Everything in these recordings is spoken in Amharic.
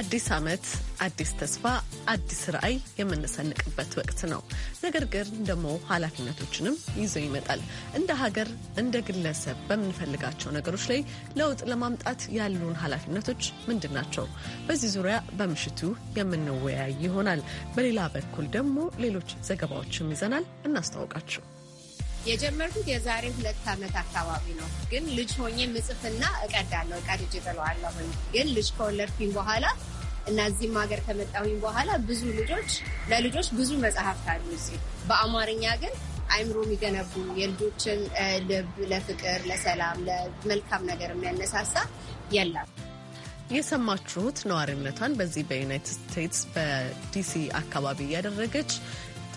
አዲስ ዓመት፣ አዲስ ተስፋ፣ አዲስ ራዕይ የምንሰንቅበት ወቅት ነው። ነገር ግን ደግሞ ኃላፊነቶችንም ይዞ ይመጣል። እንደ ሀገር፣ እንደ ግለሰብ በምንፈልጋቸው ነገሮች ላይ ለውጥ ለማምጣት ያሉን ኃላፊነቶች ምንድን ናቸው? በዚህ ዙሪያ በምሽቱ የምንወያይ ይሆናል። በሌላ በኩል ደግሞ ሌሎች ዘገባዎችም ይዘናል። እናስተዋውቃችሁ የጀመርኩት የዛሬ ሁለት ዓመት አካባቢ ነው። ግን ልጅ ሆኜ ምጽፍና እቀዳለሁ፣ ቀድጄ ጥለዋለሁ። ግን ልጅ ከወለድኩኝ በኋላ እና እዚህም ሀገር ከመጣሁኝ በኋላ ብዙ ልጆች ለልጆች ብዙ መጽሐፍት አሉ እዚህ። በአማርኛ ግን አይምሮ የሚገነቡ የልጆችን ልብ ለፍቅር፣ ለሰላም፣ ለመልካም ነገር የሚያነሳሳ የለም። የሰማችሁት ነዋሪነቷን በዚህ በዩናይትድ ስቴትስ በዲሲ አካባቢ እያደረገች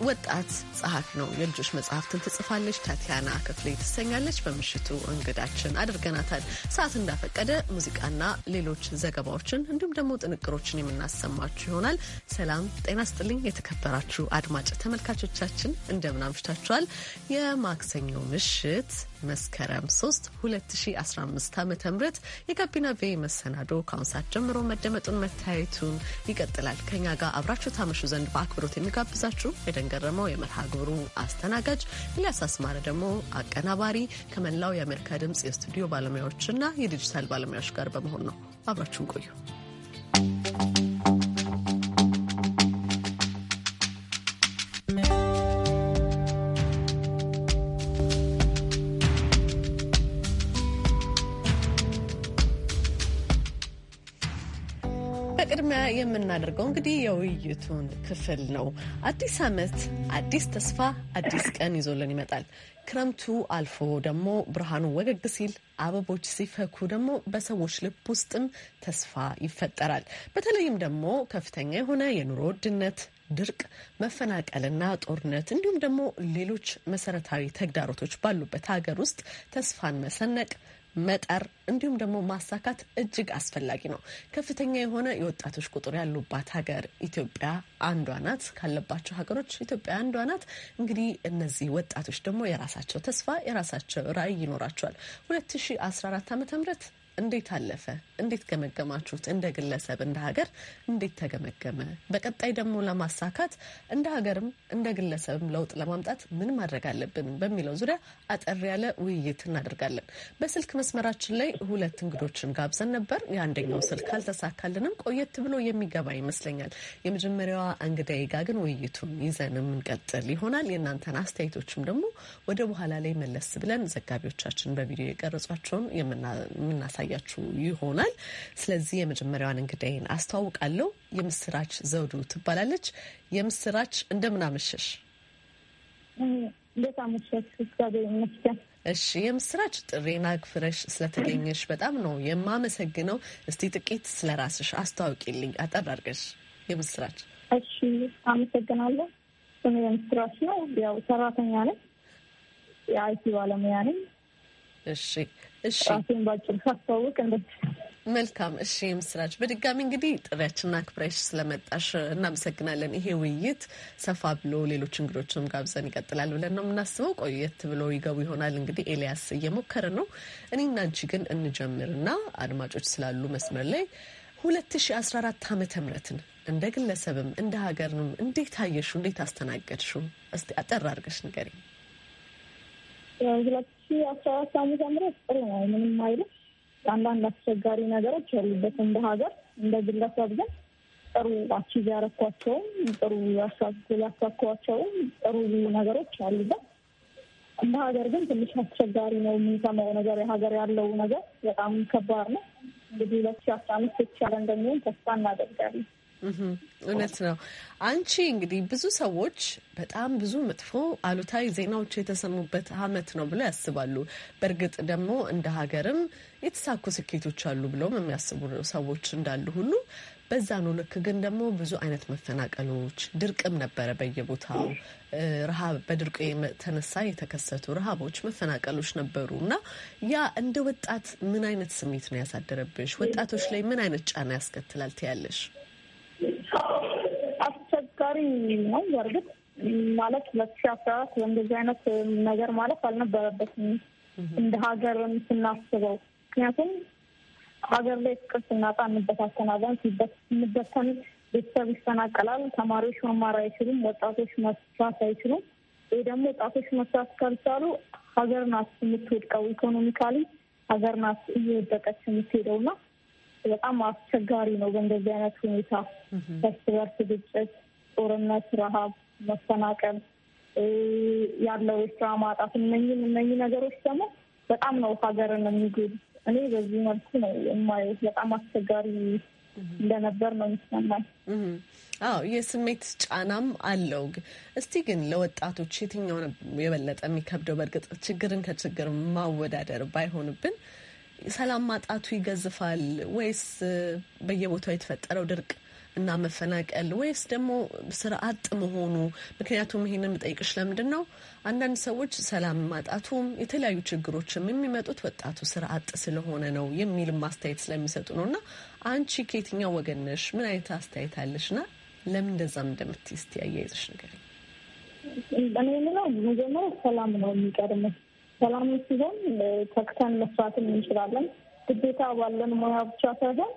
ወጣት ጸሐፊ ነው። የልጆች መጽሐፍትን ትጽፋለች። ታቲያና ክፍሌ ትሰኛለች። በምሽቱ እንግዳችን አድርገናታል። ሰዓት እንዳፈቀደ ሙዚቃና ሌሎች ዘገባዎችን እንዲሁም ደግሞ ጥንቅሮችን የምናሰማችሁ ይሆናል። ሰላም ጤና ስጥልኝ። የተከበራችሁ አድማጭ ተመልካቾቻችን እንደምን አምሽታችኋል? የማክሰኞ ምሽት መስከረም 3 2015 ዓ ም የጋቢና ቬ መሰናዶ ከአሁን ሰዓት ጀምሮ መደመጡን መታየቱን ይቀጥላል። ከኛ ጋር አብራችሁ ታመሹ ዘንድ በአክብሮት የሚጋብዛችሁ የደንገረመው የመርሃ ግብሩ አስተናጋጅ ኤልያስ አስማረ ደግሞ አቀናባሪ ከመላው የአሜሪካ ድምፅ የስቱዲዮ ባለሙያዎችና የዲጂታል ባለሙያዎች ጋር በመሆን ነው። አብራችሁን ቆዩ። የምናደርገው እንግዲህ የውይይቱን ክፍል ነው። አዲስ ዓመት አዲስ ተስፋ አዲስ ቀን ይዞልን ይመጣል። ክረምቱ አልፎ ደግሞ ብርሃኑ ወገግ ሲል አበቦች ሲፈኩ ደግሞ በሰዎች ልብ ውስጥም ተስፋ ይፈጠራል። በተለይም ደግሞ ከፍተኛ የሆነ የኑሮ ውድነት ድርቅ፣ መፈናቀልና ጦርነት እንዲሁም ደግሞ ሌሎች መሰረታዊ ተግዳሮቶች ባሉበት ሀገር ውስጥ ተስፋን መሰነቅ መጠር እንዲሁም ደግሞ ማሳካት እጅግ አስፈላጊ ነው። ከፍተኛ የሆነ የወጣቶች ቁጥር ያሉባት ሀገር ኢትዮጵያ አንዷ ናት። ካለባቸው ሀገሮች ኢትዮጵያ አንዷ ናት። እንግዲህ እነዚህ ወጣቶች ደግሞ የራሳቸው ተስፋ የራሳቸው ራዕይ ይኖራቸዋል። 2014 ዓ ም እንዴት አለፈ? እንዴት ገመገማችሁት? እንደ ግለሰብ፣ እንደ ሀገር እንዴት ተገመገመ? በቀጣይ ደግሞ ለማሳካት እንደ ሀገርም እንደ ግለሰብም ለውጥ ለማምጣት ምን ማድረግ አለብን በሚለው ዙሪያ አጠር ያለ ውይይት እናደርጋለን። በስልክ መስመራችን ላይ ሁለት እንግዶችን ጋብዘን ነበር። የአንደኛው ስልክ አልተሳካልንም፣ ቆየት ብሎ የሚገባ ይመስለኛል። የመጀመሪያዋ እንግዳዬ ጋ ግን ውይይቱን ይዘን የምንቀጥል ይሆናል። የእናንተን አስተያየቶችም ደግሞ ወደ በኋላ ላይ መለስ ብለን ዘጋቢዎቻችን በቪዲዮ የቀረጿቸውን የምናሳ የምናሳያችሁ ይሆናል። ስለዚህ የመጀመሪያዋን እንግዳይን አስተዋውቃለሁ። የምስራች ዘውዱ ትባላለች። የምስራች እንደምን አመሸሽ እሺ የምስራች ጥሬና ግፍረሽ ስለተገኘሽ በጣም ነው የማመሰግነው። እስቲ ጥቂት ስለ ራስሽ አስተዋውቂልኝ አጠር አድርገሽ የምስራች። እሺ አመሰግናለሁ። ስም የምስራች ነው። ያው ሰራተኛ ነኝ፣ የአይቲ ባለሙያ ነኝ። እሺ ራሴን ባጭር ሳስተዋውቅ መልካም። እሺ ምስራች፣ በድጋሚ እንግዲህ ጥሪያችንን አክብረሽ ስለመጣሽ እናመሰግናለን። ይሄ ውይይት ሰፋ ብሎ ሌሎች እንግዶችንም ጋብዘን ይቀጥላል ብለን ነው የምናስበው። ቆየት ብሎ ይገቡ ይሆናል እንግዲህ ኤልያስ እየሞከረ ነው። እኔና አንቺ ግን እንጀምርና አድማጮች ስላሉ መስመር ላይ 2014 ዓመተ ምህረትን እንደ ግለሰብም እንደ ሀገርንም እንዴት አየሹ? እንዴት አስተናገድሽው? እስቲ አጠር አድርገሽ ንገሪኝ። ሺህ አስራ አራት ዓመተ ምህረት ጥሩ ነው፣ ምንም አይልም። አንዳንድ አስቸጋሪ ነገሮች ያሉበት እንደ ሀገር፣ እንደ ግለሰብ ግን ጥሩ አቺቭ ያረኳቸውም ጥሩ ያሳኳቸውም ጥሩ ነገሮች አሉበት። እንደ ሀገር ግን ትንሽ አስቸጋሪ ነው። የምንሰማው ነገር የሀገር ያለው ነገር በጣም ከባድ ነው። እንግዲህ ሁለት ሺህ አስራ አምስት የተሻለ እንደሚሆን ተስፋ እናደርጋለን። እውነት ነው። አንቺ እንግዲህ ብዙ ሰዎች በጣም ብዙ መጥፎ አሉታዊ ዜናዎች የተሰሙበት አመት ነው ብለው ያስባሉ። በእርግጥ ደግሞ እንደ ሀገርም የተሳኩ ስኬቶች አሉ ብለውም የሚያስቡ ሰዎች እንዳሉ ሁሉ በዛኑ ልክ ግን ደግሞ ብዙ አይነት መፈናቀሎች፣ ድርቅም ነበረ በየቦታው ረሃብ፣ በድርቁ የተነሳ የተከሰቱ ረሃቦች፣ መፈናቀሎች ነበሩ እና ያ እንደ ወጣት ምን አይነት ስሜት ነው ያሳደረብሽ? ወጣቶች ላይ ምን አይነት ጫና ያስከትላል ትያለሽ? አስቸጋሪ ነው። በእርግጥ ማለት ሁለት ሺህ አስራ አራት አይነት ነገር ማለት አልነበረበትም እንደ ሀገርም ስናስበው ምክንያቱም ሀገር ላይ ፍቅር ስናጣ እንበታተናለን። ስንበተን ቤተሰብ ይፈናቀላል። ተማሪዎች መማር አይችሉም። ወጣቶች መስራት አይችሉም። ይህ ደግሞ ወጣቶች መስራት ካልቻሉ ሀገር ናት የምትወድቀው። ኢኮኖሚካሊ ሀገር ናት እየወደቀች የምትሄደው እና በጣም አስቸጋሪ ነው። በእንደዚህ አይነት ሁኔታ እርስ በርስ ግጭት፣ ጦርነት፣ ረሃብ፣ መፈናቀል ያለው የስራ ማጣት እነኝን እነኝህ ነገሮች ደግሞ በጣም ነው ሀገርን የሚጎዱ። እኔ በዚህ መልኩ ነው የማየው። በጣም አስቸጋሪ እንደነበር ነው የሚሰማኝ። አዎ የስሜት ጫናም አለው። እስቲ ግን ለወጣቶች የትኛው የበለጠ የሚከብደው? በእርግጥ ችግርን ከችግር ማወዳደር ባይሆንብን ሰላም ማጣቱ ይገዝፋል ወይስ በየቦታው የተፈጠረው ድርቅ እና መፈናቀል ወይስ ደግሞ ስራ አጥ መሆኑ? ምክንያቱም ይሄንን የምጠይቅሽ ለምንድን ነው አንዳንድ ሰዎች ሰላም ማጣቱም የተለያዩ ችግሮችም የሚመጡት ወጣቱ ስራ አጥ ስለሆነ ነው የሚልም አስተያየት ስለሚሰጡ ነው። እና አንቺ ከየትኛው ወገን ነሽ? ምን አይነት አስተያየት አለሽ? ና ለምን እንደዛም እንደምትይስ ያያይዘሽ ነገር እኔ የምለው መጀመሪያ ሰላም ነው የሚቀድመው ሰላም ሲሆን ተክተን መስራትን እንችላለን። ግዴታ ባለን ሙያ ብቻ ሳይሆን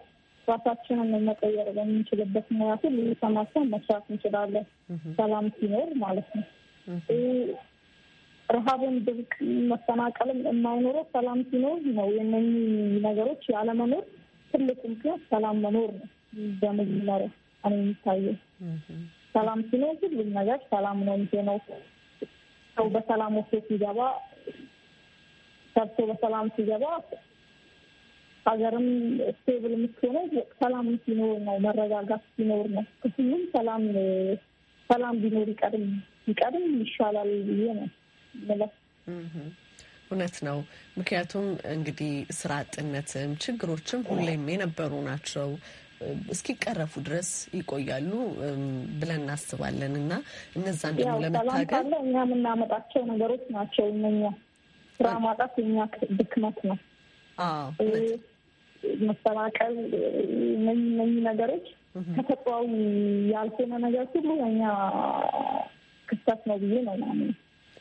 ራሳችንን መቀየር በምንችልበት ሙያ ሁሉ ተሰማርተን መስራት እንችላለን። ሰላም ሲኖር ማለት ነው። ረሃብን፣ ድርቅ፣ መፈናቀልም የማይኖረው ሰላም ሲኖር ነው። የእነኚህ ነገሮች ያለመኖር ትልቅ ምክንያት ሰላም መኖር ነው። በመጀመሪያ እኔ የሚታየው ሰላም ሲኖር ሁሉም ነገር ሰላም ነው የሚሆነው። ሰው በሰላም ወጥቶ ሲገባ ሰርቶ በሰላም ሲገባ ሀገርም ስቴብል የምትሆነው ሰላም ሲኖር ነው፣ መረጋጋት ሲኖር ነው። ክፍሉም ሰላም ሰላም ቢኖር ይቀድም ይቀድም ይሻላል ብዬ ነው የምለው። እውነት ነው። ምክንያቱም እንግዲህ ስራ አጥነትም ችግሮችም ሁሌም የነበሩ ናቸው እስኪቀረፉ ድረስ ይቆያሉ ብለን እናስባለን እና እነዛን ደግሞ ለመታገል እኛ የምናመጣቸው ነገሮች ናቸው እነኛ ስራ ማጣት የኛ ድክመት ነው። መሰባቀል፣ እነዚህ እነዚህ ነገሮች ተፈጥሯዊ ያልሆነ ነገር ሁሉ የኛ ክፍተት ነው ብዬ ነው ማለት ነው።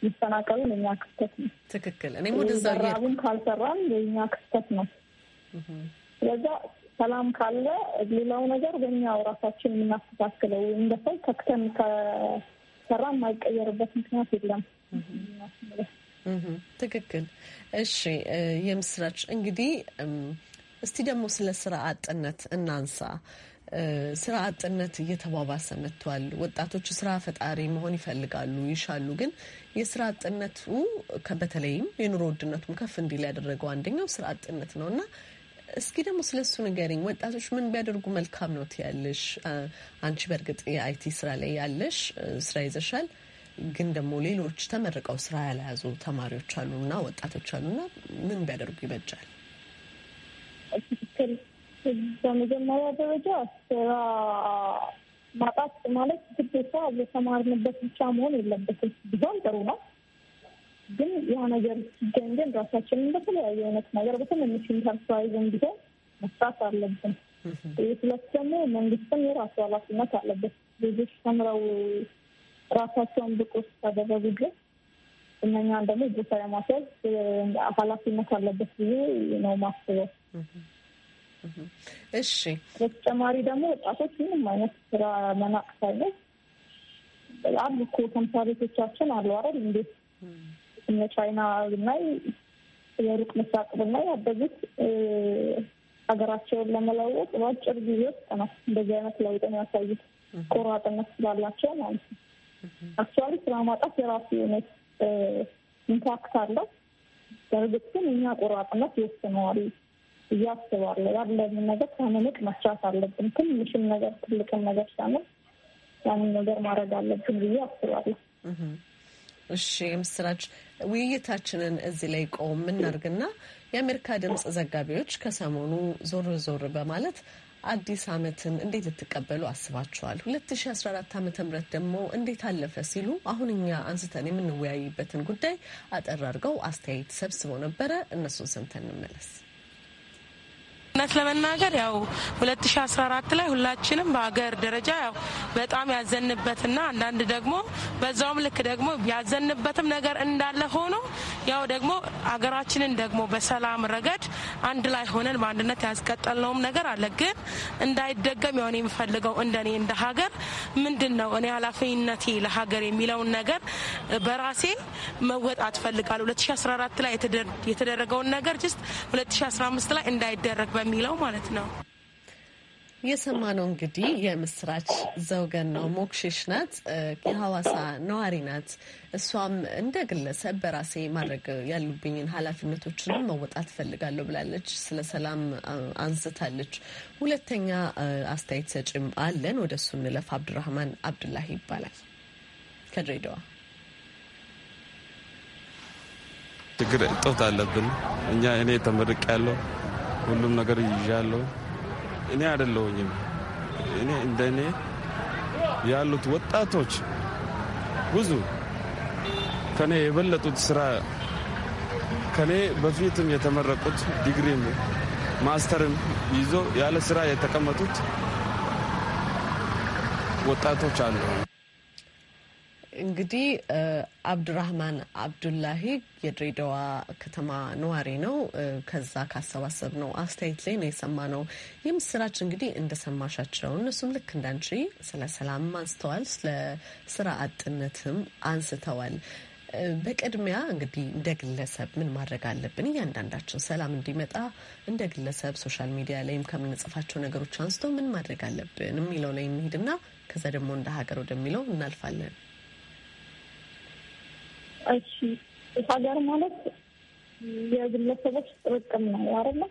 መሰናቀሉን የኛ ክፍተት ነው። ትክክል። እኔም ወደዛ ራቡን ካልሰራን የኛ ክፍተት ነው። ስለዛ ሰላም ካለ ሌላው ነገር በእኛው ራሳችን የምናስተካክለው እንደ ሰው ተክተን ከሰራ የማይቀየርበት ምክንያት የለም። ትክክል። እሺ የምስራች እንግዲህ እስቲ ደግሞ ስለ ስራ አጥነት እናንሳ። ስራ አጥነት እየተባባሰ መጥቷል። ወጣቶች ስራ ፈጣሪ መሆን ይፈልጋሉ፣ ይሻሉ። ግን የስራ አጥነቱ በተለይም የኑሮ ውድነቱም ከፍ እንዲል ያደረገው አንደኛው ስራ አጥነት ነው እና እስኪ ደግሞ ስለ እሱ ንገሪኝ። ወጣቶች ምን ቢያደርጉ መልካም ነው ትያለሽ? አንቺ በእርግጥ የአይቲ ስራ ላይ ያለሽ ስራ ይዘሻል። ግን ደግሞ ሌሎች ተመርቀው ስራ ያለያዙ ተማሪዎች አሉና ወጣቶች አሉና ምን ቢያደርጉ ይበጃል? በመጀመሪያ ደረጃ ስራ ማጣት ማለት ግዴታ የተማርንበት ብቻ መሆን የለበትም። ቢሆን ጥሩ ነው፣ ግን ያ ነገር ሲገኝ ግን ራሳችንን በተለያዩ አይነት ነገር በትንንሽ ኢንተርፕራይዝም ቢሆን መስራት አለብን። ሁለት ደግሞ መንግስትም የራሱ ኃላፊነት አለበት። ልጆች ተምረው ራሳቸውን ብቁ እስካደረጉ ድረስ እነኛን ደግሞ ቦታ ለማስያዝ ኃላፊነት አለበት ብዬ ነው ማስበው። እሺ፣ በተጨማሪ ደግሞ ወጣቶች ምንም አይነት ስራ መናቅ ሳይሆን አሉ እኮ ተምሳሌቶቻችን አሉ አይደል? እንዴት እነ ቻይና ብናይ፣ የሩቅ ምስራቅ ብናይ ያደጉት ሀገራቸውን ለመለወጥ በአጭር ጊዜ ውስጥ ነው እንደዚህ አይነት ለውጥን ያሳዩት ቆራጥነት ስላላቸው ማለት ነው። አክቹዋሊ ስራ ማጣት የራሱ የሆነ ኢምፓክት አለው። በእርግጥ ግን እኛ ቆራጥነት ይወስነዋል እያስባለ ያለንን ነገር ከምንቅ መስራት አለብን። ትንሽም ነገር ትልቅም ነገር ሳምን ያንን ነገር ማድረግ አለብን ብዬ አስባለሁ። እሺ ምስራች፣ ውይይታችንን እዚህ ላይ ቆም እናርግና የአሜሪካ ድምፅ ዘጋቢዎች ከሰሞኑ ዞር ዞር በማለት አዲስ ዓመትን እንዴት ልትቀበሉ አስባችኋል? 2014 ዓ ም ደግሞ እንዴት አለፈ ሲሉ አሁን እኛ አንስተን የምንወያይበትን ጉዳይ አጠር አድርገው አስተያየት ሰብስበው ነበረ። እነሱን ሰምተን እንመለስ። እውነት ለመናገር ያው 2014 ላይ ሁላችንም በሀገር ደረጃ ያው በጣም ያዘንበትና አንዳንድ ደግሞ በዛውም ልክ ደግሞ ያዘንበትም ነገር እንዳለ ሆኖ ያው ደግሞ አገራችንን ደግሞ በሰላም ረገድ አንድ ላይ ሆነን በአንድነት ያስቀጠልነውም ነገር አለ። ግን እንዳይደገም የሆነ የምፈልገው እንደኔ እንደ ሀገር ምንድን ነው እኔ ኃላፊነቴ ለሀገር የሚለውን ነገር በራሴ መወጣት ፈልጋለሁ። 2014 ላይ የተደረገውን ነገር ጅስት 2015 ላይ እንዳይደረግ የሚለው ማለት ነው። የሰማነው እንግዲህ የምስራች ዘውገን ነው። ሞክሽሽ ናት፣ የሐዋሳ ነዋሪ ናት። እሷም እንደ ግለሰብ በራሴ ማድረግ ያሉብኝን ኃላፊነቶችንም መወጣት እፈልጋለሁ ብላለች። ስለ ሰላም አንስታለች። ሁለተኛ አስተያየት ሰጭም አለን። ወደ እሱ እንለፍ። አብዱራህማን አብዱላሂ ይባላል ከድሬዳዋ። ችግር እጦት አለብን እኛ እኔ ተመርቅ ያለው ሁሉም ነገር ይዣለሁ። እኔ አይደለሁኝም። እኔ እንደ እኔ ያሉት ወጣቶች ብዙ ከኔ የበለጡት ስራ ከኔ በፊትም የተመረቁት ዲግሪም ማስተርም ይዞ ያለ ስራ የተቀመጡት ወጣቶች አሉ። እንግዲህ አብዱራህማን አብዱላሂ የድሬዳዋ ከተማ ነዋሪ ነው። ከዛ ካሰባሰብ ነው አስተያየት ላይ ነው የሰማ ይህ ምስራች እንግዲህ እንደሰማሻቸው እነሱም ልክ እንዳንቺ ስለ ሰላም አንስተዋል፣ ስለ ስራ አጥነትም አንስተዋል። በቅድሚያ እንግዲህ እንደ ግለሰብ ምን ማድረግ አለብን? እያንዳንዳችን ሰላም እንዲመጣ እንደ ግለሰብ ሶሻል ሚዲያ ላይም ከምንጽፋቸው ነገሮች አንስቶ ምን ማድረግ አለብን የሚለው ላይ እንሂድና ከዛ ደግሞ እንደ ሀገር ወደሚለው እናልፋለን። እሺ ሀገር ማለት የግለሰቦች ጥርቅም ነው አይደለ?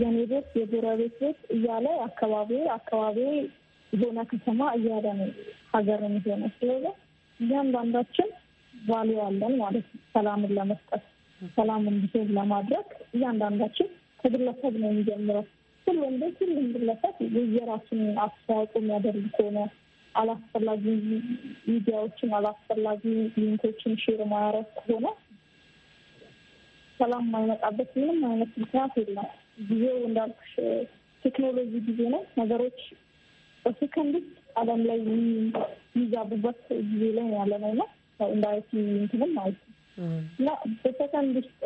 የኔ ቤት የጎረቤት ቤት እያለ አካባቢ አካባቢ የሆነ ከተማ እያለ ነው ሀገር የሚሆነ። ስለዚ እያንዳንዳችን ቫሉ ያለን ማለት ነው። ሰላምን ለመስጠት ሰላም እንዲሆን ለማድረግ እያንዳንዳችን ከግለሰብ ነው የሚጀምረው። ሁሉም ቤት ሁሉም ግለሰብ የየራሱን አስተዋጽኦ የሚያደርግ ከሆነ አላስፈላጊ ሚዲያዎችን አላስፈላጊ ሊንኮችን ሼር ማያረግ ከሆነ ሰላም የማይመጣበት ምንም አይነት ምክንያት የለም። ጊዜው እንዳልኩሽ ቴክኖሎጂ ጊዜ ነው። ነገሮች በሴከንድ ውስጥ ዓለም ላይ የሚዛቡበት ጊዜ ላይ ያለ ነው ነው እንዳይት እንትንም ማለት ነው እና በሰከንድ ውስጥ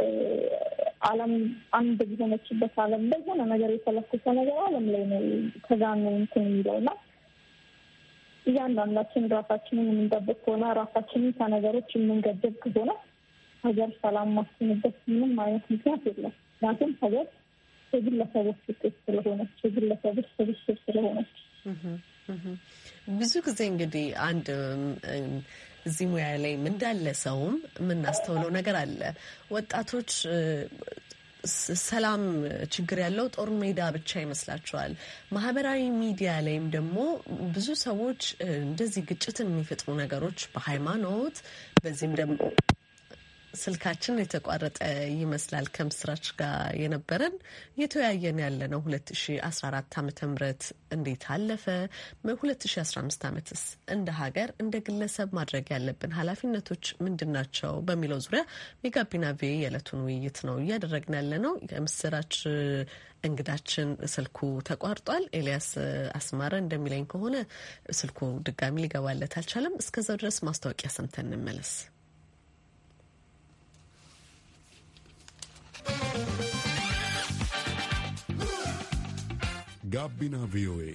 ዓለም አንድ በሆነችበት ዓለም ላይ ሆነ ነገር የተለኮሰ ነገር ዓለም ላይ ነው ከዛ ነው እንትን የሚለው እና እያንዳንዳችን ራሳችንን የምንጠብቅ ከሆነ ራሳችንን ከነገሮች የምንገደብ ከሆነ ሀገር ሰላም ማስንበት ምንም አይነት ምክንያት የለም። ምክንያቱም ሀገር የግለሰቦች ውጤት ስለሆነች የግለሰቦች ስብስብ ስለሆነች ብዙ ጊዜ እንግዲህ አንድ እዚህ ሙያ ላይ እንዳለ ሰውም የምናስተውለው ነገር አለ። ወጣቶች ሰላም ችግር ያለው ጦር ሜዳ ብቻ ይመስላቸዋል። ማህበራዊ ሚዲያ ላይም ደግሞ ብዙ ሰዎች እንደዚህ ግጭትን የሚፈጥሩ ነገሮች በሃይማኖት በዚህም ደግሞ ስልካችን የተቋረጠ ይመስላል። ከምስራች ጋር የነበረን እየተወያየን ያለ ነው። 2014 ዓ.ም እንዴት አለፈ? 2015 ዓመትስ እንደ ሀገር፣ እንደ ግለሰብ ማድረግ ያለብን ኃላፊነቶች ምንድን ናቸው? በሚለው ዙሪያ የጋቢና ቪ የዕለቱን ውይይት ነው እያደረግን ያለ ነው። የምስራች እንግዳችን ስልኩ ተቋርጧል። ኤልያስ አስማረ እንደሚለኝ ከሆነ ስልኩ ድጋሚ ሊገባለት አልቻለም። እስከዛ ድረስ ማስታወቂያ ሰምተን እንመለስ። ጋቢና ቪኦኤ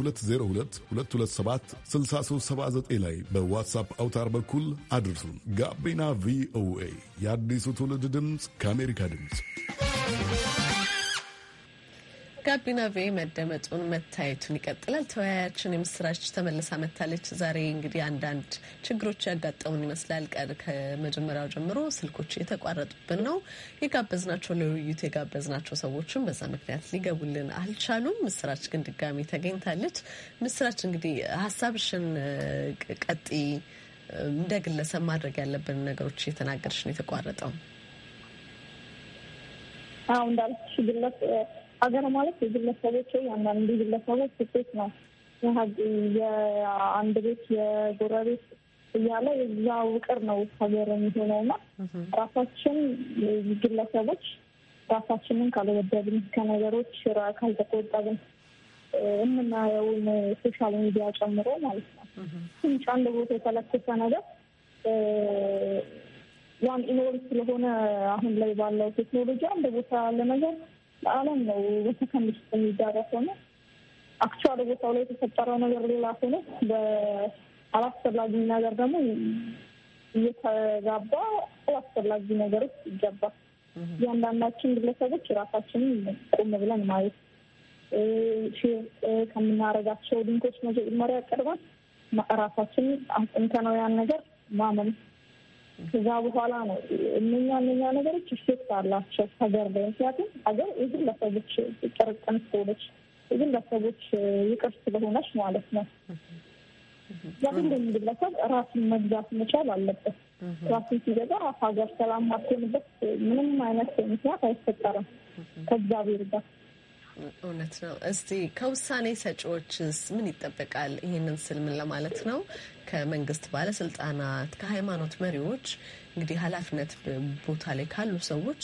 202 ላይ በዋትሳፕ አውታር በኩል አድርሱን። ጋቢና ቪኦኤ የአዲሱ ትውልድ ድምፅ ከአሜሪካ ድምፅ ጋቢና ቬ መደመጡን መታየቱን ይቀጥላል። ተወያያችን የምስራች ተመልሳ መታለች። ዛሬ እንግዲህ አንዳንድ ችግሮች ያጋጠሙን ይመስላል። ቀን ከመጀመሪያው ጀምሮ ስልኮች የተቋረጡብን ነው የጋበዝናቸው። ለውይይቱ የጋበዝናቸው ሰዎችም በዛ ምክንያት ሊገቡልን አልቻሉም። ምስራች ግን ድጋሚ ተገኝታለች። ምስራች እንግዲህ ሀሳብሽን ቀጢ እንደ ግለሰብ ማድረግ ያለብን ነገሮች እየተናገርሽ ነው የተቋረጠው። አሁ እንዳልኩሽ ግለሰብ ሀገር ማለት የግለሰቦች ወይ አንዳንድ ግለሰቦች ስኬት ነው። የአንድ ቤት የጎረቤት እያለ የዛ ውቅር ነው ሀገር የሚሆነውና ራሳችን ግለሰቦች ራሳችንን ካልወደድን ከነገሮች ካልተቆጠብን የምናየውን ሶሻል ሚዲያ ጨምሮ ማለት ነው ትንሽ አንድ ቦታ የተለኮሰ ነገር ያን ኢኖር ስለሆነ አሁን ላይ ባለው ቴክኖሎጂ አንድ ቦታ ያለ ነገር ለዓለም ነው ከምሽት የሚዳረስ ሆነ አክቹዋል ቦታው ላይ የተፈጠረው ነገር ሌላ ሆነ በአላስፈላጊ ነገር ደግሞ እየተጋባ አላስፈላጊ ነገሮች ይገባል። እያንዳንዳችን ግለሰቦች ራሳችንን ቁም ብለን ማየት ከምናደርጋቸው ሊንኮች መጀመሪያ ያቀርባል ራሳችን አጥንተነው ያን ነገር ማመን ከዛ በኋላ ነው እነኛ እነኛ ነገሮች ኢፌክት አላቸው ሀገር ላይ። ምክንያቱም ሀገር የግለሰቦች ጥርቅም ስለሆነች የግለሰቦች ይቅር ስለሆነች ማለት ነው። ለሁሉም ግለሰብ ራሱን መግዛት መቻል አለበት። ራሱን ሲገዛ ራሱ ሀገር ሰላም ማትሆንበት ምንም አይነት ምክንያት አይፈጠርም ከእግዚአብሔር ጋር እውነት ነው። እስቲ ከውሳኔ ሰጪዎችስ ምን ይጠበቃል? ይህንን ስል ምን ለማለት ነው? ከመንግስት ባለስልጣናት፣ ከሃይማኖት መሪዎች እንግዲህ ኃላፊነት ቦታ ላይ ካሉ ሰዎች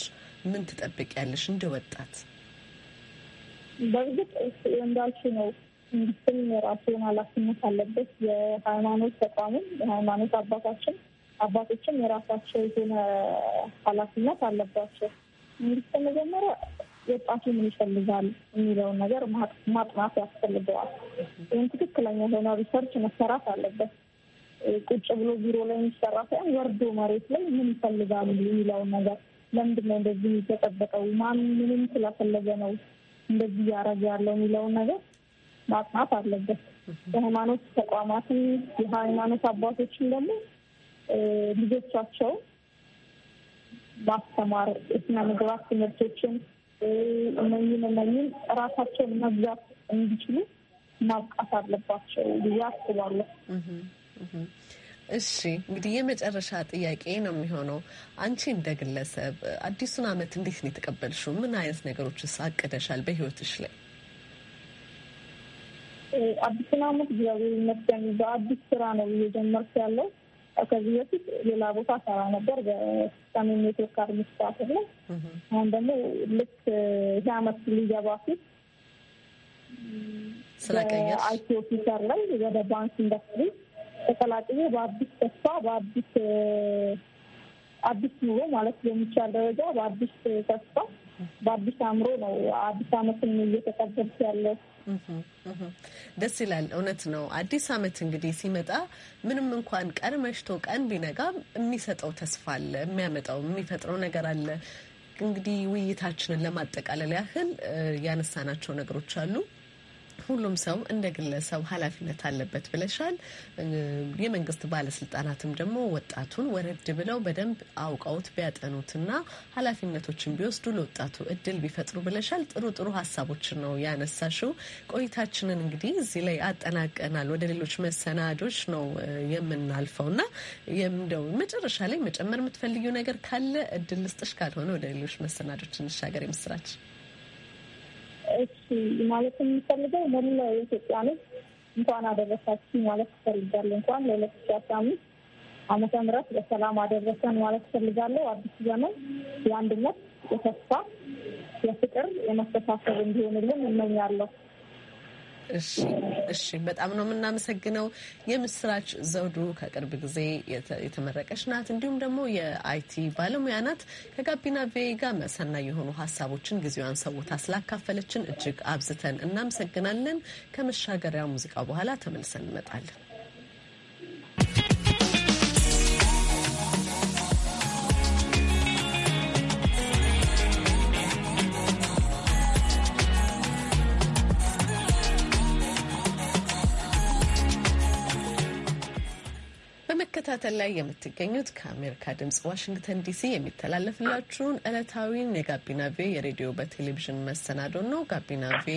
ምን ትጠብቂያለሽ? እንደ ወጣት በእርግጥ እንዳልሽ ነው። መንግስትም የራሱን ኃላፊነት አለበት። የሃይማኖት ተቋምም የሃይማኖት አባታችን አባቶችም የራሳቸው የሆነ ኃላፊነት አለባቸው። መንግስት መጀመሪያ ወጣቱ ምን ይፈልጋል የሚለውን ነገር ማጥናት ያስፈልገዋል። ይህም ትክክለኛ የሆነ ሪሰርች መሰራት አለበት። ቁጭ ብሎ ቢሮ ላይ የሚሰራ ሳይሆን ወርዶ መሬት ላይ ምን ይፈልጋሉ የሚለውን ነገር ለምንድን ነው እንደዚህ የተጠበቀው ማን ምንም ስለፈለገ ነው እንደዚህ እያደረገ ያለው የሚለውን ነገር ማጥናት አለበት። የሃይማኖት ተቋማትን የሃይማኖት አባቶችን ደግሞ ልጆቻቸውን ማስተማር የስነ ምግባር ትምህርቶችን እነኝን እነኝን ራሳቸውን መግዛት እንዲችሉ ማብቃት አለባቸው ብዬ አስባለሁ። እሺ እንግዲህ የመጨረሻ ጥያቄ ነው የሚሆነው። አንቺ እንደ ግለሰብ አዲሱን ዓመት እንዴት ነው የተቀበልሽው? ምን አይነት ነገሮችስ አቅደሻል በህይወትሽ ላይ? አዲሱን ዓመት እግዚአብሔር ይመስገን በአዲስ ስራ ነው እየጀመርኩ ያለው ከዚህ በፊት ሌላ ቦታ ሰራ ነበር በሰሜን ኔትወርክ አርሚስት ላይ። አሁን ደግሞ ልክ ይህ አመት ሊገባ ፊት በአይቲ ኦፊሰር ላይ ወደ ባንክ ኢንዱስትሪ ተቀላቅዬ በአዲስ ተስፋ በአዲስ አዲስ ኑሮ ማለት በሚቻል ደረጃ በአዲስ ተስፋ በአዲስ አእምሮ ነው አዲስ አመትን እየተቀበልኩ ያለው። ደስ ይላል። እውነት ነው። አዲስ አመት እንግዲህ ሲመጣ ምንም እንኳን ቀን መሽቶ ቀን ቢነጋ የሚሰጠው ተስፋ አለ፣ የሚያመጣው የሚፈጥረው ነገር አለ። እንግዲህ ውይይታችንን ለማጠቃለል ያህል ያነሳናቸው ነገሮች አሉ። ሁሉም ሰው እንደ ግለሰብ ኃላፊነት አለበት ብለሻል። የመንግስት ባለስልጣናትም ደግሞ ወጣቱን ወረድ ብለው በደንብ አውቀውት ቢያጠኑትና ኃላፊነቶችን ቢወስዱ ለወጣቱ እድል ቢፈጥሩ ብለሻል። ጥሩ ጥሩ ሀሳቦችን ነው ያነሳሽው። ቆይታችንን እንግዲህ እዚህ ላይ አጠናቀናል። ወደ ሌሎች መሰናዶች ነው የምናልፈው ና እንደው መጨረሻ ላይ መጨመር የምትፈልጊው ነገር ካለ እድል ልስጥሽ፣ ካልሆነ ወደ ሌሎች መሰናዶች እንሻገር። የምስራች እሺ ማለት የምፈልገው መላ የኢትዮጵያ ሕዝብ እንኳን አደረሳችሁ ማለት ትፈልጋለሁ። እንኳን ለሁለት ሺ አስራ አምስት ምህረት በሰላም አደረሰን ማለት ትፈልጋለሁ። አዲስ ዘመን የአንድነት፣ የተስፋ፣ የፍቅር፣ የመስተሳሰብ እንዲሆንልን እመኛለሁ። እሺ እሺ፣ በጣም ነው የምናመሰግነው። የምስራች ዘውዱ ከቅርብ ጊዜ የተመረቀች ናት፣ እንዲሁም ደግሞ የአይቲ ባለሙያ ናት። ከጋቢና ቪኦኤ ጋር መሰናይ የሆኑ ሀሳቦችን ጊዜዋን ሰውታ ስላካፈለችን እጅግ አብዝተን እናመሰግናለን። ከመሻገሪያ ሙዚቃ በኋላ ተመልሰን እንመጣለን። በመከታተል ላይ የምትገኙት ከአሜሪካ ድምጽ ዋሽንግተን ዲሲ የሚተላለፍላችሁን ዕለታዊን የጋቢና ቬ የሬዲዮ በቴሌቪዥን መሰናዶ ነው። ጋቢና ቪ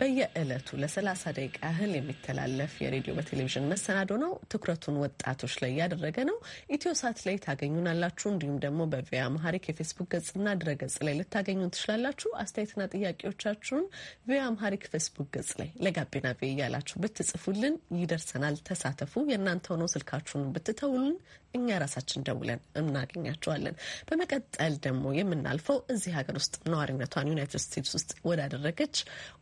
በየዕለቱ ለ30 ደቂቃ ያህል የሚተላለፍ የሬዲዮ በቴሌቪዥን መሰናዶ ነው። ትኩረቱን ወጣቶች ላይ ያደረገ ነው። ኢትዮ ሳት ላይ ታገኙናላችሁ። እንዲሁም ደግሞ በቪያ አምሃሪክ የፌስቡክ ገጽና ድረ ገጽ ላይ ልታገኙን ትችላላችሁ። አስተያየትና ጥያቄዎቻችሁን ቪያ አምሃሪክ ፌስቡክ ገጽ ላይ ለጋቢና ቪ እያላችሁ ብትጽፉልን ይደርሰናል። ተሳተፉ። የእናንተ ነው። ስልካችሁን ብትተውልን እኛ ራሳችን ደውለን እናገኛቸዋለን። በመቀጠል ደግሞ የምናልፈው እዚህ ሀገር ውስጥ ነዋሪነቷን ዩናይትድ ስቴትስ ውስጥ ወዳደረገች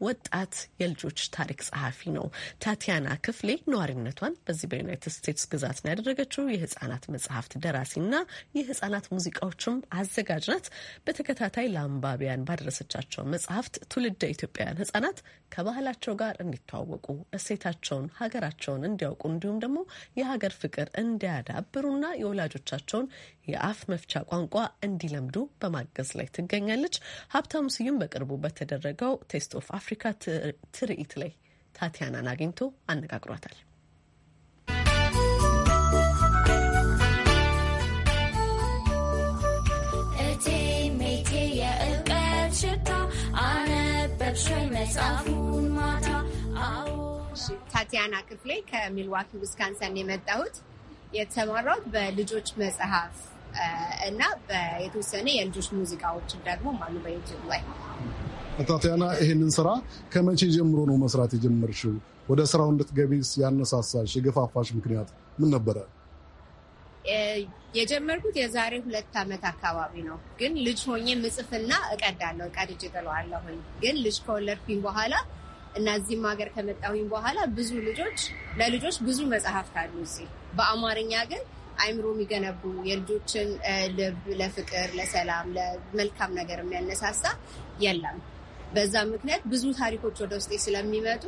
ወጣት የልጆች ታሪክ ጸሐፊ ነው። ታቲያና ክፍሌ ነዋሪነቷን በዚህ በዩናይትድ ስቴትስ ግዛት ነው ያደረገችው። የህጻናት መጽሐፍት ደራሲና የህጻናት ሙዚቃዎችም አዘጋጅ ናት። በተከታታይ ለአንባቢያን ባደረሰቻቸው መጽሐፍት ትውልደ ኢትዮጵያውያን ህጻናት ከባህላቸው ጋር እንዲተዋወቁ፣ እሴታቸውን፣ ሀገራቸውን እንዲያውቁ እንዲሁም ደግሞ የሀገር ፍቅር እንዲያዳብሩ እንዲችሉና የወላጆቻቸውን የአፍ መፍቻ ቋንቋ እንዲለምዱ በማገዝ ላይ ትገኛለች። ሀብታሙ ስዩም በቅርቡ በተደረገው ቴስት ኦፍ አፍሪካ ትርኢት ላይ ታቲያናን አግኝቶ አነጋግሯታል። ታቲያና ክፍሌ ከሚልዋኪ ዊስካንሰን የመጣሁት የተማራሁት በልጆች መጽሐፍ እና የተወሰነ የልጆች ሙዚቃዎችን ደግሞ አሉ በዩቲዩብ ላይ። ታቲያና ይህንን ስራ ከመቼ ጀምሮ ነው መስራት የጀመርሽው? ወደ ስራው እንድትገቢስ ያነሳሳሽ የገፋፋሽ ምክንያት ምን ነበረ? የጀመርኩት የዛሬ ሁለት ዓመት አካባቢ ነው። ግን ልጅ ሆኜ ምጽፍና እቀዳለሁ፣ ቀድጄ ጥለዋለሁኝ። ግን ልጅ ከወለድኩኝ በኋላ እና እዚህም ሀገር ከመጣሁኝ በኋላ ብዙ ልጆች ለልጆች ብዙ መጽሐፍት አሉ እዚህ በአማርኛ ግን አይምሮ የሚገነቡ የልጆችን ልብ ለፍቅር፣ ለሰላም፣ ለመልካም ነገር የሚያነሳሳ የለም። በዛ ምክንያት ብዙ ታሪኮች ወደ ውስጤ ስለሚመጡ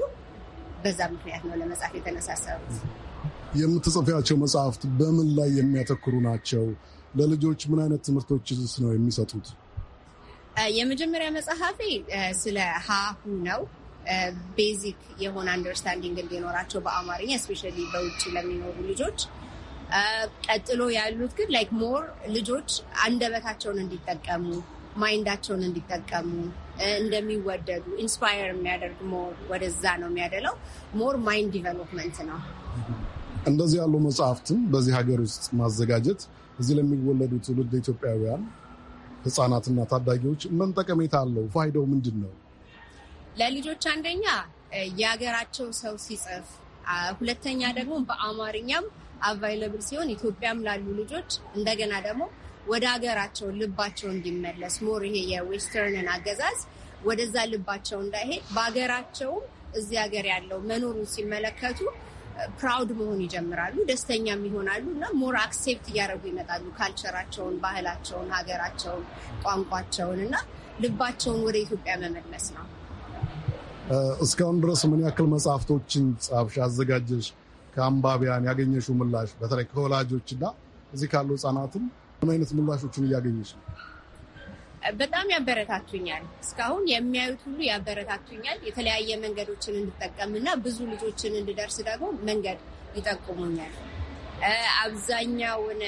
በዛ ምክንያት ነው ለመጽሐፍ የተነሳሰሩት። የምትጽፊያቸው መጽሐፍት በምን ላይ የሚያተኩሩ ናቸው? ለልጆች ምን አይነት ትምህርቶችስ ነው የሚሰጡት? የመጀመሪያ መጽሐፌ ስለ ሀሁ ነው። ቤዚክ የሆነ አንደርስታንዲንግ እንዲኖራቸው በአማርኛ እስፔሻሊ በውጭ ለሚኖሩ ልጆች። ቀጥሎ ያሉት ግን ላይክ ሞር ልጆች አንደበታቸውን እንዲጠቀሙ ማይንዳቸውን እንዲጠቀሙ እንደሚወደዱ ኢንስፓየር የሚያደርግ ሞር ወደዛ ነው የሚያደለው። ሞር ማይንድ ዲቨሎፕመንት ነው። እንደዚህ ያሉ መጽሐፍትን በዚህ ሀገር ውስጥ ማዘጋጀት እዚህ ለሚወለዱ ትውልድ ኢትዮጵያውያን ህፃናትና ታዳጊዎች ምን ጠቀሜታ አለው? ፋይዳው ምንድን ነው? ለልጆች አንደኛ የሀገራቸው ሰው ሲጽፍ፣ ሁለተኛ ደግሞ በአማርኛም አቫይለብል ሲሆን ኢትዮጵያም ላሉ ልጆች እንደገና ደግሞ ወደ ሀገራቸው ልባቸው እንዲመለስ ሞር ይሄ የዌስተርንን አገዛዝ ወደዛ ልባቸው እንዳይሄድ በሀገራቸውም እዚህ ሀገር ያለው መኖሩን ሲመለከቱ ፕራውድ መሆን ይጀምራሉ፣ ደስተኛም ይሆናሉ እና ሞር አክሴፕት እያደረጉ ይመጣሉ ካልቸራቸውን፣ ባህላቸውን፣ ሀገራቸውን፣ ቋንቋቸውን እና ልባቸውን ወደ ኢትዮጵያ መመለስ ነው። እስካሁን ድረስ ምን ያክል መጽሐፍቶችን ጻፍሽ፣ አዘጋጀሽ? ከአንባቢያን ያገኘሽው ምላሽ በተለይ ከወላጆችና እዚህ ካሉ ህጻናትም ምን አይነት ምላሾችን እያገኘሽ ነው? በጣም ያበረታቱኛል። እስካሁን የሚያዩት ሁሉ ያበረታቱኛል። የተለያየ መንገዶችን እና ብዙ ልጆችን እንድደርስ ደግሞ መንገድ ይጠቁሙኛል። አብዛኛውን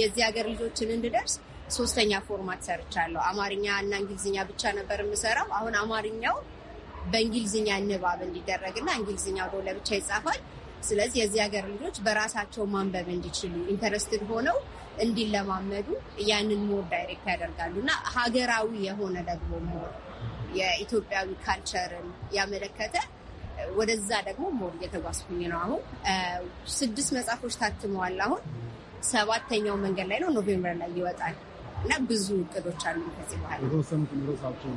የዚህ ሀገር ልጆችን እንድደርስ ሶስተኛ ፎርማት ሰርቻለሁ። አማርኛ እና እንግሊዝኛ ብቻ ነበር የምሰራው። አሁን አማርኛው በእንግሊዝኛ ንባብ እንዲደረግና እንግሊዝኛው ደግሞ ለብቻ ይጻፋል። ስለዚህ የዚህ ሀገር ልጆች በራሳቸው ማንበብ እንዲችሉ ኢንተረስትድ ሆነው እንዲለማመዱ ያንን ሞር ዳይሬክት ያደርጋሉ እና ሀገራዊ የሆነ ደግሞ ሞር የኢትዮጵያዊ ካልቸርን ያመለከተ ወደዛ ደግሞ ሞር እየተጓዝኩኝ ነው። አሁን ስድስት መጽሐፎች ታትመዋል። አሁን ሰባተኛው መንገድ ላይ ነው። ኖቬምበር ላይ ይወጣል። እና ብዙ እቅዶች አሉ። ከዚህ በኋላ የተወሰኑት ኑሮሳቸው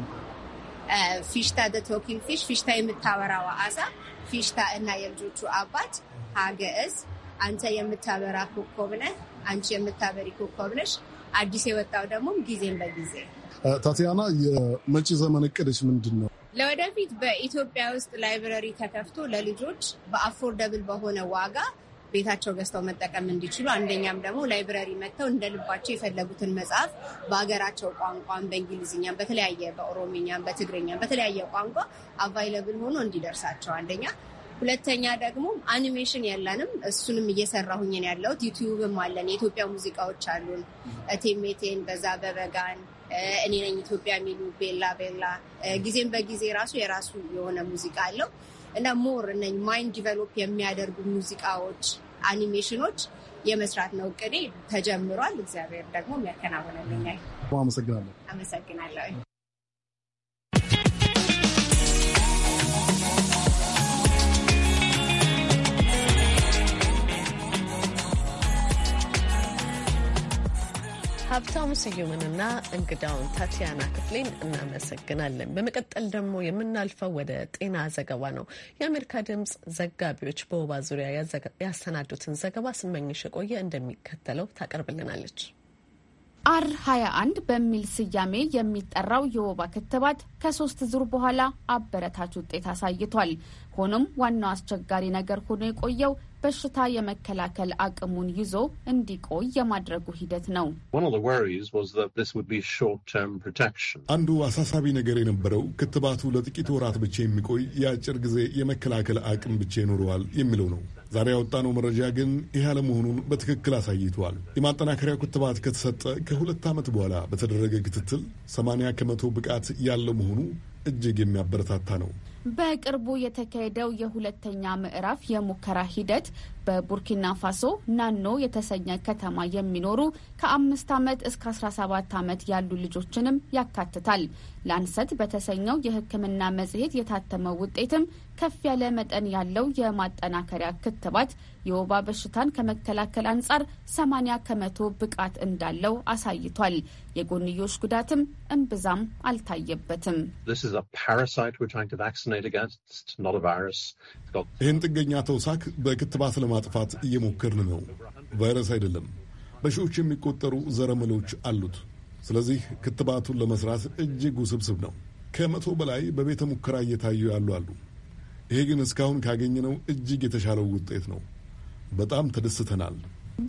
ቶኪንግ ፊሽ ፊሽታ የምታበራዋ አሳ ፊሽታ እና የልጆቹ አባት ሀገእዝ አንተ የምታበራ ኮከብ ነህ፣ አንቺ የምታበሪ ኮከብ ነሽ። አዲስ የወጣው ደግሞ ጊዜን በጊዜ ታቲያና፣ የመጪ ዘመን እቅድሽ ምንድን ነው? ለወደፊት በኢትዮጵያ ውስጥ ላይብረሪ ተከፍቶ ለልጆች በአፎርደብል በሆነ ዋጋ ቤታቸው ገዝተው መጠቀም እንዲችሉ፣ አንደኛም ደግሞ ላይብረሪ መጥተው እንደ ልባቸው የፈለጉትን መጽሐፍ በሀገራቸው ቋንቋን በእንግሊዝኛም፣ በተለያየ በኦሮሚኛ በትግርኛም በተለያየ ቋንቋ አቫይለብል ሆኖ እንዲደርሳቸው አንደኛ ሁለተኛ ደግሞ አኒሜሽን ያለንም እሱንም እየሰራሁኝ ነው ያለሁት። ዩቲዩብም አለን፣ የኢትዮጵያ ሙዚቃዎች አሉን። ቴሜቴን በዛ በበጋን እኔ ነኝ ኢትዮጵያ የሚሉ ቤላ ቤላ ጊዜም በጊዜ ራሱ የራሱ የሆነ ሙዚቃ አለው። እና ሞር እነ ማይንድ ዲቨሎፕ የሚያደርጉ ሙዚቃዎች፣ አኒሜሽኖች የመስራት ነው እቅዴ። ተጀምሯል። እግዚአብሔር ደግሞ የሚያከናውንልኛል። አመሰግናለሁ። አመሰግናለሁ። ሀብታሙ ስዩምንና እንግዳውን ታቲያና ክፍሌን እናመሰግናለን። በመቀጠል ደግሞ የምናልፈው ወደ ጤና ዘገባ ነው። የአሜሪካ ድምፅ ዘጋቢዎች በወባ ዙሪያ ያሰናዱትን ዘገባ ስመኝሽ የቆየ እንደሚከተለው ታቀርብልናለች። አር 21 በሚል ስያሜ የሚጠራው የወባ ክትባት ከሶስት ዙር በኋላ አበረታች ውጤት አሳይቷል። ሆኖም ዋናው አስቸጋሪ ነገር ሆኖ የቆየው በሽታ የመከላከል አቅሙን ይዞ እንዲቆይ የማድረጉ ሂደት ነው። አንዱ አሳሳቢ ነገር የነበረው ክትባቱ ለጥቂት ወራት ብቻ የሚቆይ የአጭር ጊዜ የመከላከል አቅም ብቻ ይኖረዋል የሚለው ነው። ዛሬ ያወጣነው መረጃ ግን ይህ አለመሆኑን በትክክል አሳይቷል። የማጠናከሪያ ክትባት ከተሰጠ ከሁለት ዓመት በኋላ በተደረገ ክትትል 80 ከመቶ ብቃት ያለው መሆኑ Mouloud እጅግ የሚያበረታታ ነው። በቅርቡ የተካሄደው የሁለተኛ ምዕራፍ የሙከራ ሂደት በቡርኪና ፋሶ ናኖ የተሰኘ ከተማ የሚኖሩ ከአምስት ዓመት እስከ 17 ዓመት ያሉ ልጆችንም ያካትታል። ላንሰት በተሰኘው የሕክምና መጽሔት የታተመው ውጤትም ከፍ ያለ መጠን ያለው የማጠናከሪያ ክትባት የወባ በሽታን ከመከላከል አንጻር 80 ከመቶ ብቃት እንዳለው አሳይቷል። የጎንዮሽ ጉዳትም እምብዛም አልታየበትም። ይህን ጥገኛ ተውሳክ በክትባት ለማጥፋት እየሞከርን ነው። ቫይረስ አይደለም፣ በሺዎች የሚቆጠሩ ዘረመሎች አሉት። ስለዚህ ክትባቱን ለመስራት እጅግ ውስብስብ ነው። ከመቶ በላይ በቤተ ሙከራ እየታዩ ያሉ አሉ። ይሄ ግን እስካሁን ካገኘነው እጅግ የተሻለው ውጤት ነው። በጣም ተደስተናል።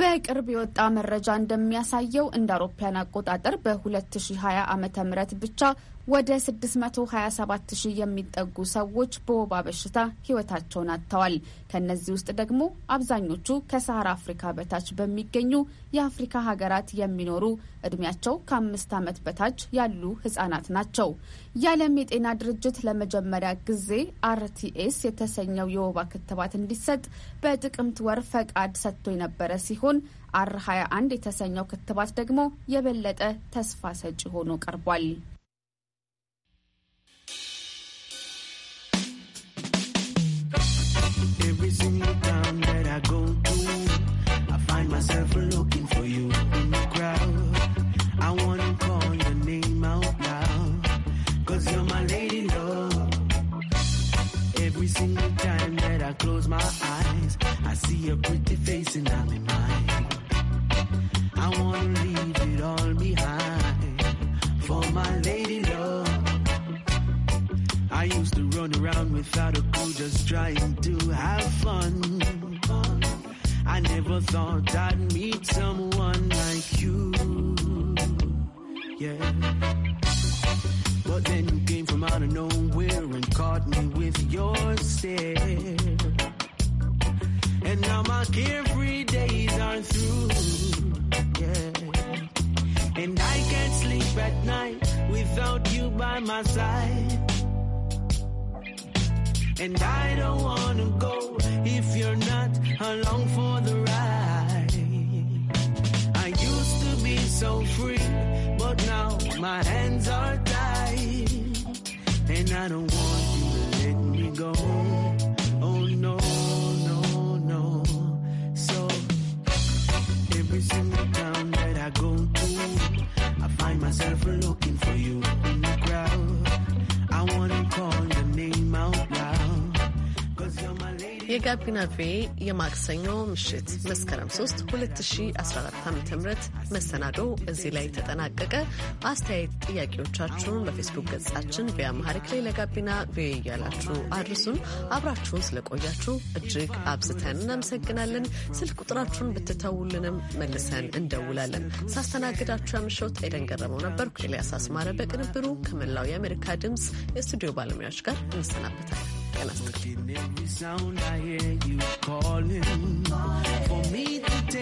በቅርብ የወጣ መረጃ እንደሚያሳየው እንደ አውሮፓያን አቆጣጠር በ2020 ዓ ም ብቻ ወደ 627 ሺህ የሚጠጉ ሰዎች በወባ በሽታ ሕይወታቸውን አጥተዋል። ከእነዚህ ውስጥ ደግሞ አብዛኞቹ ከሳህራ አፍሪካ በታች በሚገኙ የአፍሪካ ሀገራት የሚኖሩ እድሜያቸው ከአምስት ዓመት በታች ያሉ ህጻናት ናቸው። የዓለም የጤና ድርጅት ለመጀመሪያ ጊዜ አርቲኤስ የተሰኘው የወባ ክትባት እንዲሰጥ በጥቅምት ወር ፈቃድ ሰጥቶ የነበረ ሲሆን አር 21 የተሰኘው ክትባት ደግሞ የበለጠ ተስፋ ሰጪ ሆኖ ቀርቧል። town that I go to, I find myself looking for you in the crowd. I wanna call your name out loud, cause you're my lady love. Every single time that I close my eyes, I see a pretty face in I'm in around without a clue, just trying to have fun. I never thought I'd meet someone like you. Yeah. But then you came from out of nowhere and caught me with your stare. And now my carefree days are through. Yeah. And I can't sleep at night without you by my side. And I don't wanna go if you're not along for the ride. I used to be so free, but now my hands are tied. And I don't want you to let me go. Oh no, no, no. So every single town that I go to, I find myself looking for you. የጋቢና ቪኦኤ የማክሰኞ ምሽት መስከረም 3 2014 ዓ ም መሰናዶ እዚህ ላይ ተጠናቀቀ። አስተያየት ጥያቄዎቻችሁን በፌስቡክ ገጻችን በአማሪክ ላይ ለጋቢና ቪኦኤ እያላችሁ አድርሱን። አብራችሁን ስለቆያችሁ እጅግ አብዝተን እናመሰግናለን። ስልክ ቁጥራችሁን ብትተውልንም መልሰን እንደውላለን። ሳስተናግዳችሁ ያምሸውት ኤደን ገረመው ነበርኩ። ኤልያስ አስማረ በቅንብሩ ከመላው የአሜሪካ ድምፅ የስቱዲዮ ባለሙያዎች ጋር እንሰናበታለን። In every sound I hear, you calling for me to take.